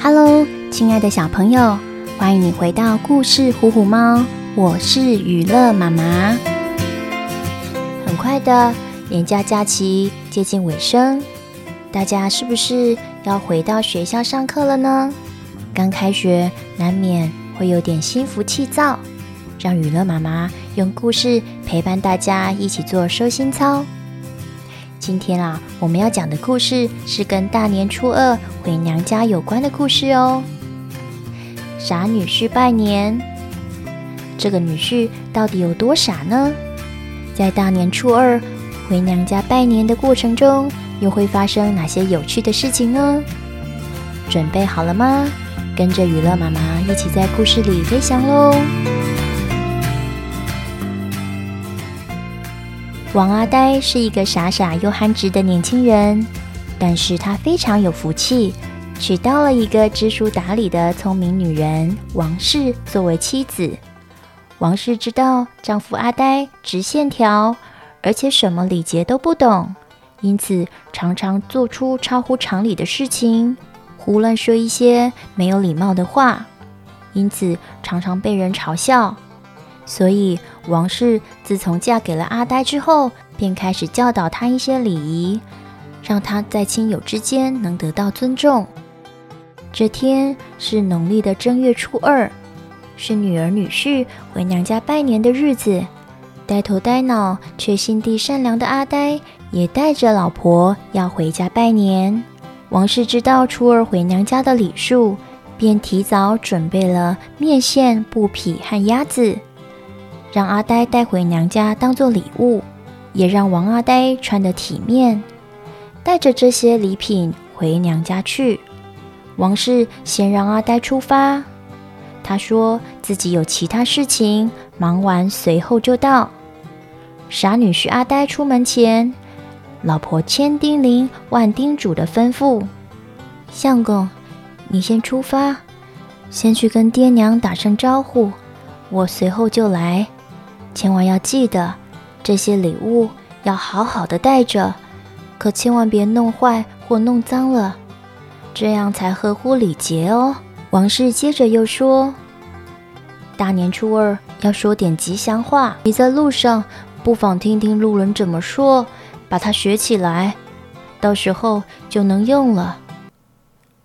哈嘍親愛的小朋友，歡迎你回到故事《虎虎貓》。我是予樂媽媽。很快的，連假假期接近尾聲，大家是不是要回到學校上課了呢？剛開學，難免會有點心浮氣躁，讓予樂媽媽用故事陪伴大家一起做收心操。今天啊，我們要講的故事是跟大年初二回娘家有關的故事哦。傻女婿拜年，這個女婿到底有多傻呢？在大年初二回娘家拜年的過程中，又會發生哪些有趣的事情呢？準備好了嗎？跟着予樂媽媽一起在故事裡飛翔嘍！王阿呆是一個傻傻又憨直的年輕人，但是他非常有福氣，娶到了一個知書達理的聰明女人王氏作為妻子。王氏知道丈夫阿呆直線條，而且什麼禮節都不懂，因此常常做出超乎常理的事情，胡亂說一些沒有禮貌的話，因此常常被人嘲笑。所以，王氏自從嫁給了阿呆之後，便開始教導他一些禮儀，讓他在親友之間能得到尊重。這天是農曆的正月初二，是女兒女婿回娘家拜年的日子。呆頭呆腦卻心地善良的阿呆也帶着老婆要回家拜年。王氏知道初二回娘家的禮數，便提早準備了麵線、布匹和鴨子。讓阿呆帶回娘家當做禮物，也讓王阿呆穿得體面，帶着這些禮品回娘家去。王氏先讓阿呆出發，他說自己有其他事情，忙完隨後就到。傻女婿阿呆出門前，老婆千叮嚀萬叮囑的吩咐：“相公，你先出發，先去跟爹娘打聲招呼，我隨後就來。”千萬要記得，這些禮物要好好的帶着，可千萬別弄壞或弄髒了，這樣才合乎禮節哦。王氏接着又說：“大年初二要說點吉祥話，你在路上不妨聽聽路人怎麼說，把它學起來，到時候就能用了。”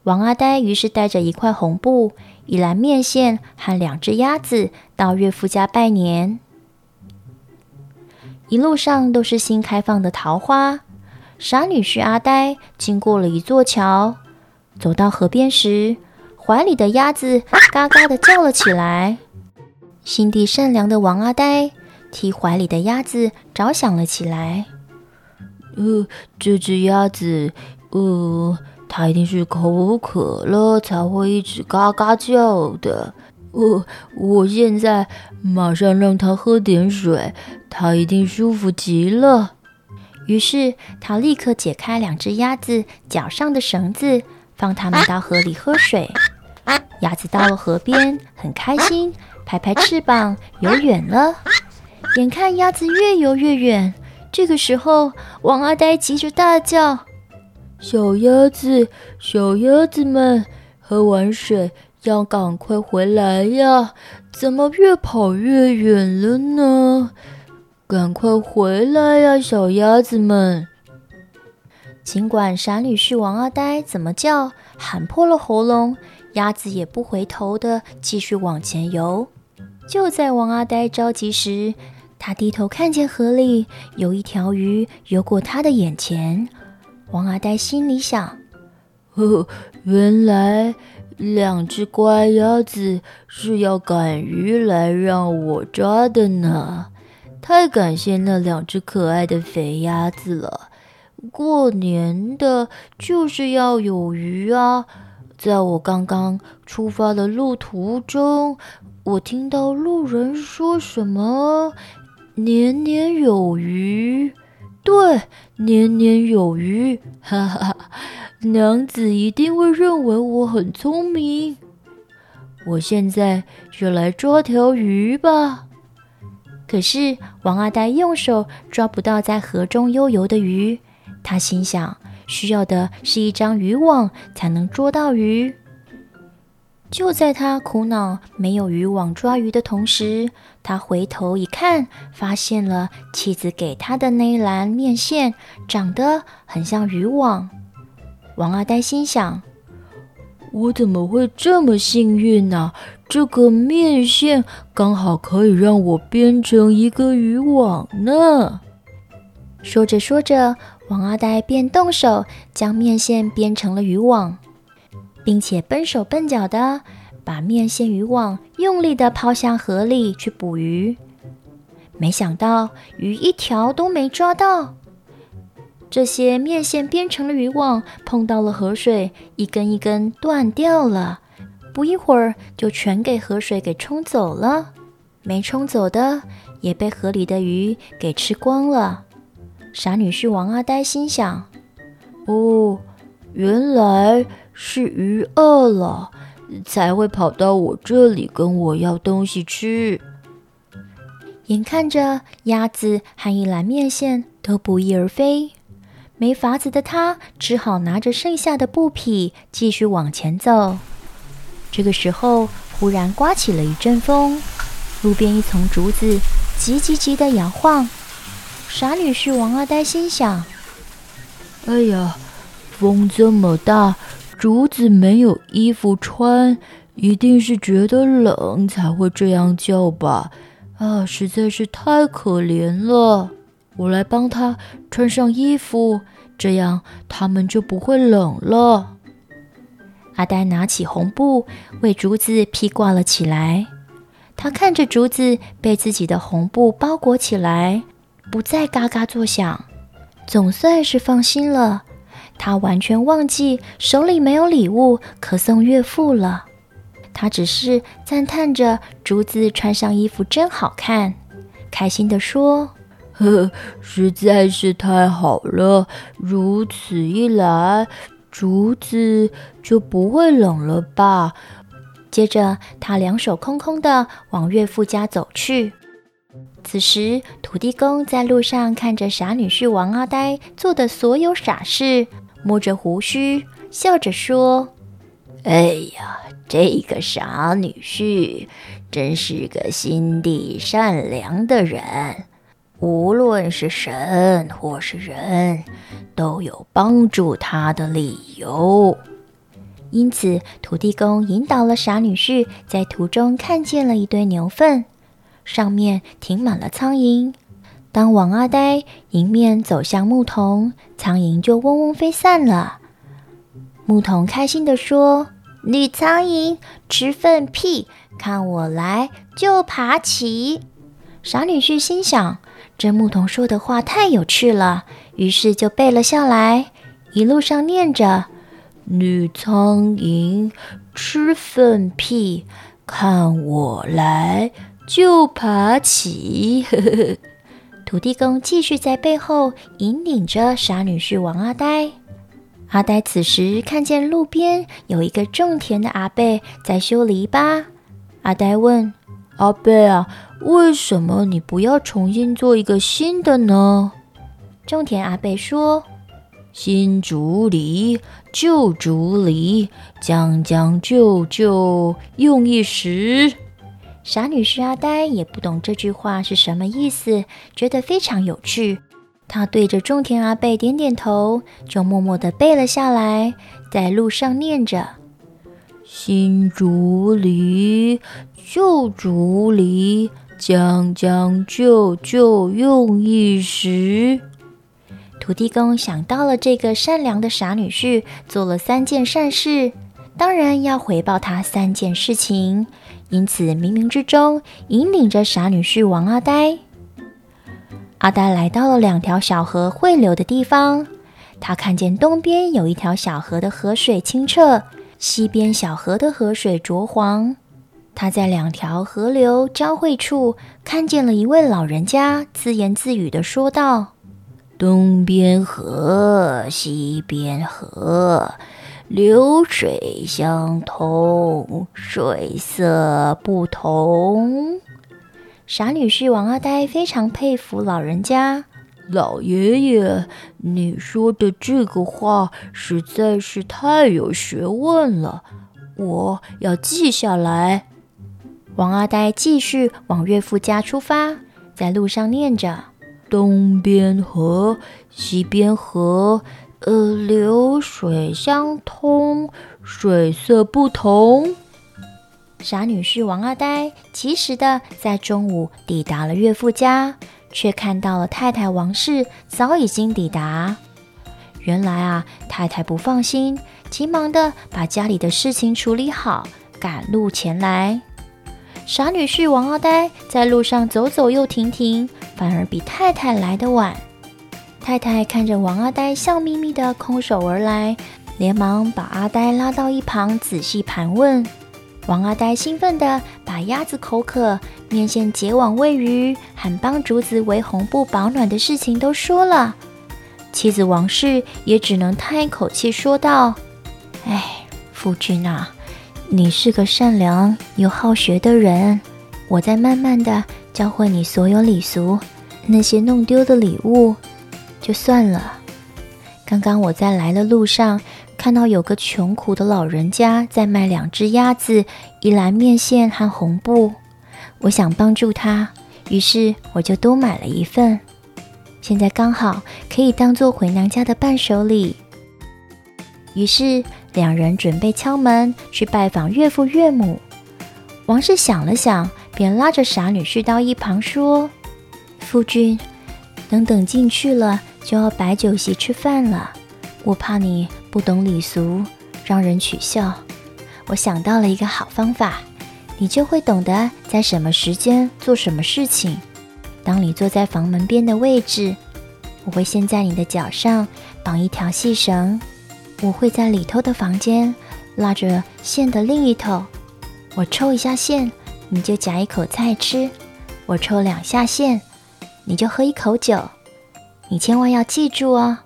王阿呆於是帶着一塊紅布、一籃麵線和兩隻鴨子到岳父家拜年。一路上都是新開放的桃花。傻女婿阿呆經過了一座橋，走到河邊時，懷裡的鴨子嘎嘎的叫了起來。心地善良的王阿呆替懷裡的鴨子着想了起來。呃，這隻鴨子，呃，它一定是口渴了才會一直嘎嘎叫的。我我現在馬上讓他喝點水，他一定舒服極了。於是他立刻解開兩隻鴨子腳上的繩子，放它們到河裡喝水。鴨子到了河邊，很開心，拍拍翅膀游遠了。眼看鴨子越游越遠，這個時候王阿呆急着大叫：“小鴨子，小鴨子們，喝完水。”要趕快回來呀！怎麼越跑越遠了呢？趕快回來呀，小鴨子們！儘管傻女婿王阿呆怎麼叫，喊破了喉嚨，鴨子也不回頭的繼續往前游。就在王阿呆着急時，他低頭看見河裡有一條魚游過他的眼前。王阿呆心裡想：呵、哦，原來。兩隻乖鴨子是要趕魚來讓我抓的呢，太感謝那兩隻可愛的肥鴨子了。過年的就是要有魚啊！在我剛剛出發的路途中，我聽到路人說什麼“年年有餘”。對，年年有餘，哈哈，娘子一定會認為我很聰明。我現在就來捉條魚吧。可是王阿呆用手抓不到在河中悠游的魚，他心想，需要的是一張漁網才能捉到魚。就在他苦惱沒有漁網抓魚的同時，他回頭一看，發現了妻子給他的那一籃麵線，長得很像漁網。王阿呆心想：“我怎麼會這麼幸運呢、啊？這個麵線剛好可以讓我編成一個漁網呢。”說着說着，王阿呆便動手將麵線編成了漁網，並且笨手笨腳的。把麵線漁網用力地拋向河裡去捕魚，沒想到魚一條都沒抓到。這些麵線編成的漁網碰到了河水，一根一根斷掉了。不一會兒就全給河水給沖走了，沒沖走的也被河裡的魚給吃光了。傻女婿王阿呆心想：“哦，原來是魚餓了。”才會跑到我這裡跟我要東西吃。眼看着鴨子和一籃面線都不翼而飛，沒法子的他只好拿着剩下的布匹繼續往前走。這個時候，忽然颳起了一陣風，路邊一叢竹子急急急的搖晃。傻女婿王阿呆心想：“哎呀，風這麼大！”竹子沒有衣服穿，一定是覺得冷才會這樣叫吧？啊，實在是太可憐了！我來幫它穿上衣服，這樣它們就不會冷了。阿呆拿起紅布為竹子披掛了起來。他看着竹子被自己的紅布包裹起來，不再嘎嘎作響，總算是放心了。他完全忘記手裡沒有禮物可送岳父了。他只是讚嘆着：“竹子穿上衣服真好看。”開心地說呵呵：“實在是太好了！如此一來，竹子就不會冷了吧？”接着，他兩手空空地往岳父家走去。此時，土地公在路上看着傻女婿王阿呆做的所有傻事。摸着鬍鬚，笑着說：“哎呀，這個傻女婿，真是個心地善良的人。無論是神或是人，都有幫助他的理由。因此，土地公引導了傻女婿，在途中看見了一堆牛糞，上面停滿了蒼蠅。”當王阿呆迎面走向牧童，蒼蠅就嗡嗡飛散了。牧童開心地說：“女蒼蠅吃糞屁，看我來就爬起。”傻女婿心想：“這牧童說的話太有趣了。”於是就背了下來，一路上念着：“女蒼蠅吃糞屁，看我來就爬起。 ”土地公繼續在背後引領着傻女婿王阿呆。阿呆此時看見路邊有一個種田的阿伯在修籬笆。阿呆問阿伯啊：“為什麼你不要重新做一個新的呢？”種田阿伯說：“新竹籬，舊竹籬，將將就就用一時。”傻女婿阿呆也不懂這句話是什麼意思，覺得非常有趣。他對着種田阿伯點點頭，就默默地背了下來，在路上念着：“新竹籬，舊竹籬，將將就就用一時。”土地公想到了這個善良的傻女婿做了三件善事，當然要回報他三件事情。因此，冥冥之中引領着傻女婿王阿呆。阿呆來到了兩條小河匯流的地方，他看見東邊有一條小河的河水清澈，西邊小河的河水濁黃。他在兩條河流交匯處看見了一位老人家，自言自語的說道：“東邊河，西邊河。”流水相同，水色不同。傻女婿王阿呆非常佩服老人家，老爺爺，你說的這個話實在是太有學問了，我要記下來。王阿呆繼續往岳父家出發，在路上念着：東邊河，西邊河。呃，流水相通，水色不同。傻女婿王阿呆，及時的在中午抵達了岳父家，卻看到了太太王氏早已經抵達。原來啊，太太不放心，急忙地把家裡的事情處理好，趕路前來。傻女婿王阿呆在路上走走又停停，反而比太太來得晚。太太看着王阿呆笑眯眯地空手而來，連忙把阿呆拉到一旁仔細盤問。王阿呆興奮地把鴨子口渴、麵線結網餵魚、還幫竹子圍紅布保暖的事情都說了。妻子王氏也只能嘆一口氣說道：“唉，夫君啊，你是個善良又好學的人，我再慢慢地教會你所有禮俗，那些弄丟的禮物。”就算了。剛剛我在來的路上看到有個窮苦的老人家在賣兩隻鴨子，一籃麵線和紅布。我想幫助他，於是我就多買了一份。現在剛好可以當做回娘家的伴手禮。於是兩人準備敲門去拜訪岳父岳母。王氏想了想，便拉着傻女婿到一旁說：“夫君，等等，進去了。”就要擺酒席吃飯了，我怕你不懂禮俗，讓人取笑。我想到了一個好方法，你就會懂得在什麼時間做什麼事情。當你坐在房門邊的位置，我會先在你的腳上綁一條細繩，我會在裡頭的房間拉着線的另一頭。我抽一下線，你就夾一口菜吃；我抽兩下線，你就喝一口酒。你千萬要記住哦，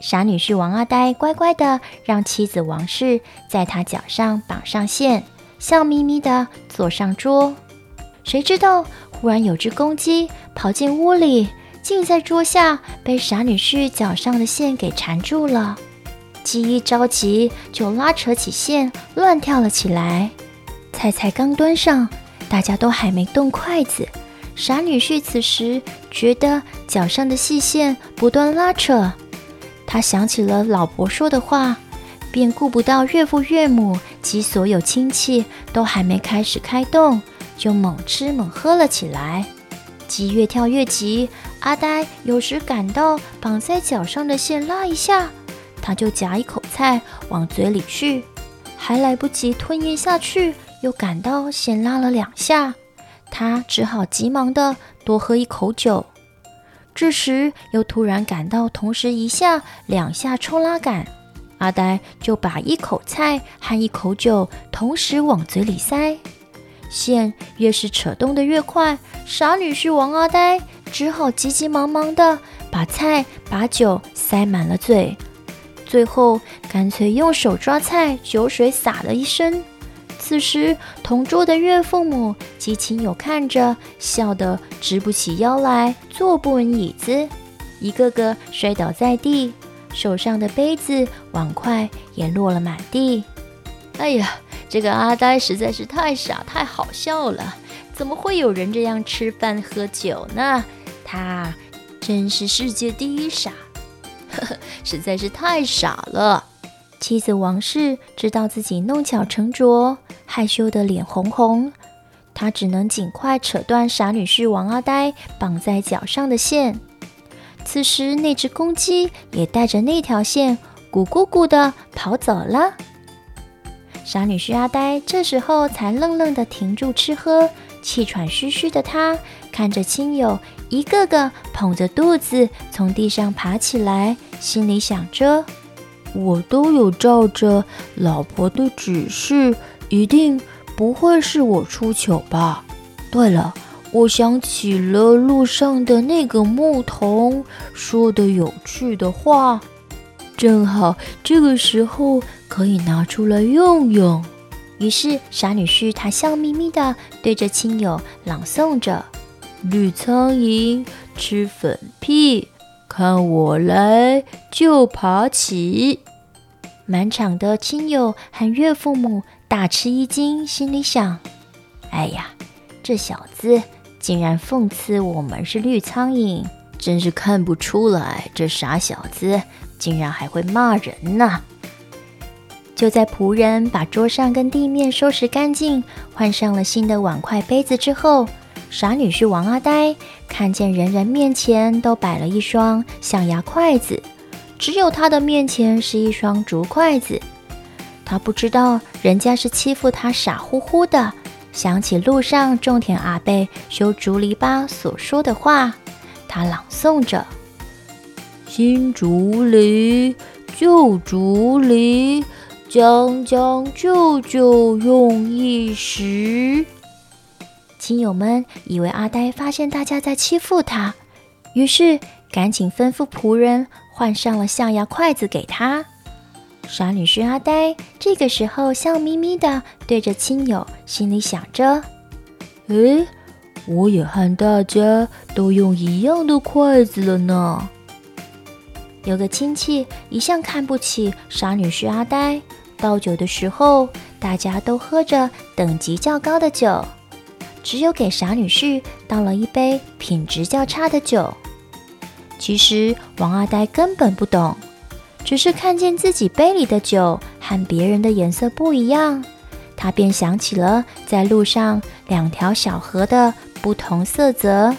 傻女婿王阿呆乖乖的讓妻子王氏在他腳上綁上線，笑眯眯的坐上桌。誰知道忽然有只公雞跑進屋裡，竟在桌下被傻女婿腳上的線給纏住了。雞一着急就拉扯起線，亂跳了起來。菜菜剛端上，大家都還沒動筷子。傻女婿此時覺得腳上的細線不斷拉扯，他想起了老伯說的話，便顧不到岳父岳母及所有親戚都還沒開始開動，就猛吃猛喝了起來。雞越跳越急，阿呆有時感到綁在腳上的線拉一下，他就夾一口菜往嘴裡去，還來不及吞嚥下去，又感到線拉了兩下。他只好急忙的多喝一口酒，這時又突然感到同時一下兩下抽拉感，阿呆就把一口菜和一口酒同時往嘴裡塞，線越是扯動的越快，傻女婿王阿呆只好急急忙忙的把菜把酒塞滿了嘴，最後乾脆用手抓菜，酒水灑了一身。此時，同桌的岳父母及親友看着，笑得直不起腰來，坐不穩椅子，一個個摔倒在地，手上的杯子、碗筷也落了滿地。哎呀，這個阿呆實在是太傻，太好笑了！怎麼會有人這樣吃飯喝酒呢？他真是世界第一傻，呵呵，實在是太傻了。妻子王氏知道自己弄巧成拙，害羞的臉紅紅，她只能盡快扯斷傻女婿王阿呆綁在腳上的線。此時，那只公雞也帶着那條線，咕咕咕的跑走了。傻女婿阿呆這時候才愣愣的停住吃喝，氣喘吁吁的他看着親友一個個捧着肚子從地上爬起來，心裡想着。我都有照着老婆的指示，一定不會是我出糗吧？對了，我想起了路上的那個牧童說的有趣的話，正好這個時候可以拿出來用用。於是傻女婿她笑眯眯地對着親友朗誦着：“綠蒼蠅吃粉屁。”看我來就爬起，滿場的親友和岳父母，大吃一驚，心裡想：哎呀，這小子竟然諷刺我們是綠蒼蠅，真是看不出來，這傻小子竟然還會罵人呢！就在僕人把桌上跟地面收拾乾淨，換上了新的碗筷杯子之後，傻女婿王阿呆看見人人面前都擺了一雙象牙筷子，只有他的面前是一雙竹筷子。他不知道人家是欺負他傻乎乎的。想起路上種田阿伯修竹籬笆所說的話，他朗誦着：“新竹籬，舊竹籬，將將就就用一時。”親友們以為阿呆發現大家在欺負他，於是趕緊吩咐僕人換上了象牙筷子給他。傻女婿阿呆這個時候笑眯眯地對着親友，心裡想着：“誒，我也和大家都用一樣的筷子了呢。”有個親戚一向看不起傻女婿阿呆，倒酒的時候，大家都喝着等級較高的酒。只有給傻女婿倒了一杯品質較差的酒。其實王二呆根本不懂，只是看見自己杯裡的酒和別人的顏色不一樣，他便想起了在路上兩條小河的不同色澤，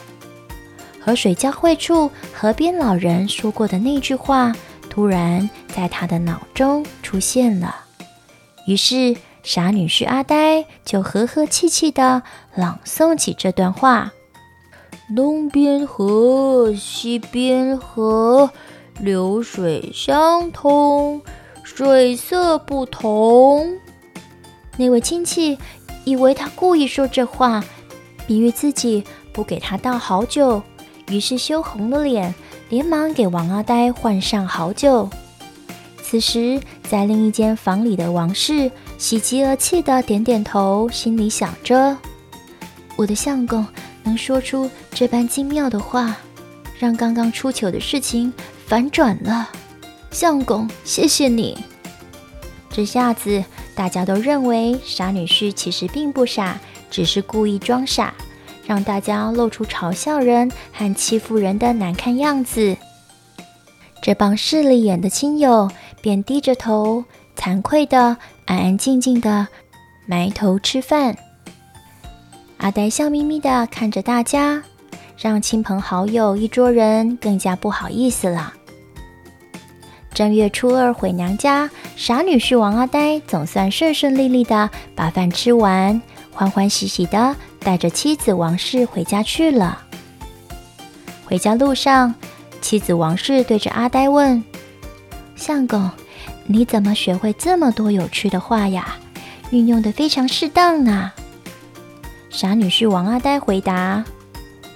河水交匯處河邊老人說過的那句話，突然在他的腦中出現了。於是。傻女婿阿呆就和和氣氣地朗誦起這段話：“東邊河，西邊河，流水相通，水色不同。”那位親戚以為他故意說這話，比喻自己不給他倒好酒，於是羞紅了臉，連忙給王阿呆換上好酒。此時，在另一間房裡的王氏。喜極而泣地點點頭，心裡想着：“我的相公能說出這般精妙的話，讓剛剛出糗的事情反轉了。相公，謝謝你！”這下子，大家都認為傻女婿其實並不傻，只是故意裝傻，讓大家露出嘲笑人和欺負人的難看樣子。這幫勢利眼的親友便低着頭。慚愧的，安安靜靜的埋頭吃飯。阿呆笑眯眯的看着大家，讓親朋好友一桌人更加不好意思了。正月初二回娘家，傻女婿王阿呆總算順順利利的把飯吃完，歡歡喜喜的帶着妻子王氏回家去了。回家路上，妻子王氏對着阿呆問：“相公。”你怎麼學會這麼多有趣的話呀？運用得非常適當呢、啊。傻女婿王阿呆回答：“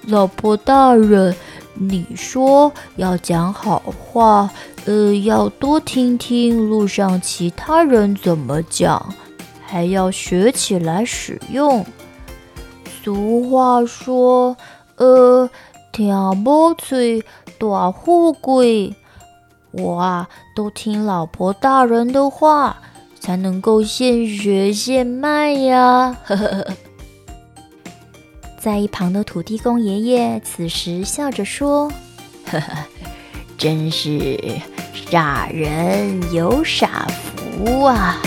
老婆大人，你說要講好話，呃，要多聽聽路上其他人怎麼講，還要學起來使用。俗話說，呃，挑不脆，短富貴。我啊。”都聽老婆大人的話，才能夠現學現賣呀、啊！呵呵呵，在一旁的土地公爺爺此時笑着說：“呵呵，真是傻人有傻福啊！”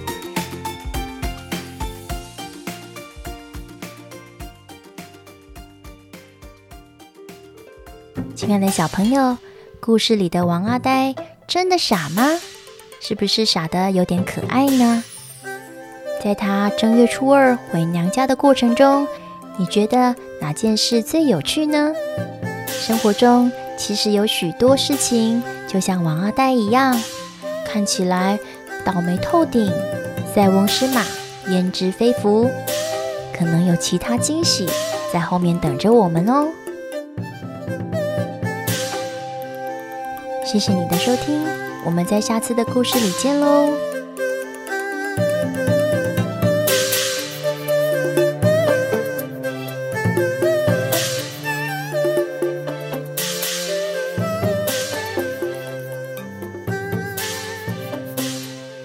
親愛的小朋友，故事裡的王阿呆。真的傻嗎？是不是傻得有點可愛呢？在他正月初二回娘家的過程中，你覺得哪件事最有趣呢？生活中其實有許多事情，就像王阿呆一樣，看起來倒霉透頂，塞翁失馬，焉知非福，可能有其他驚喜在後面等着我們哦。謝謝你的收聽，我們在下次的故事裡見嘍。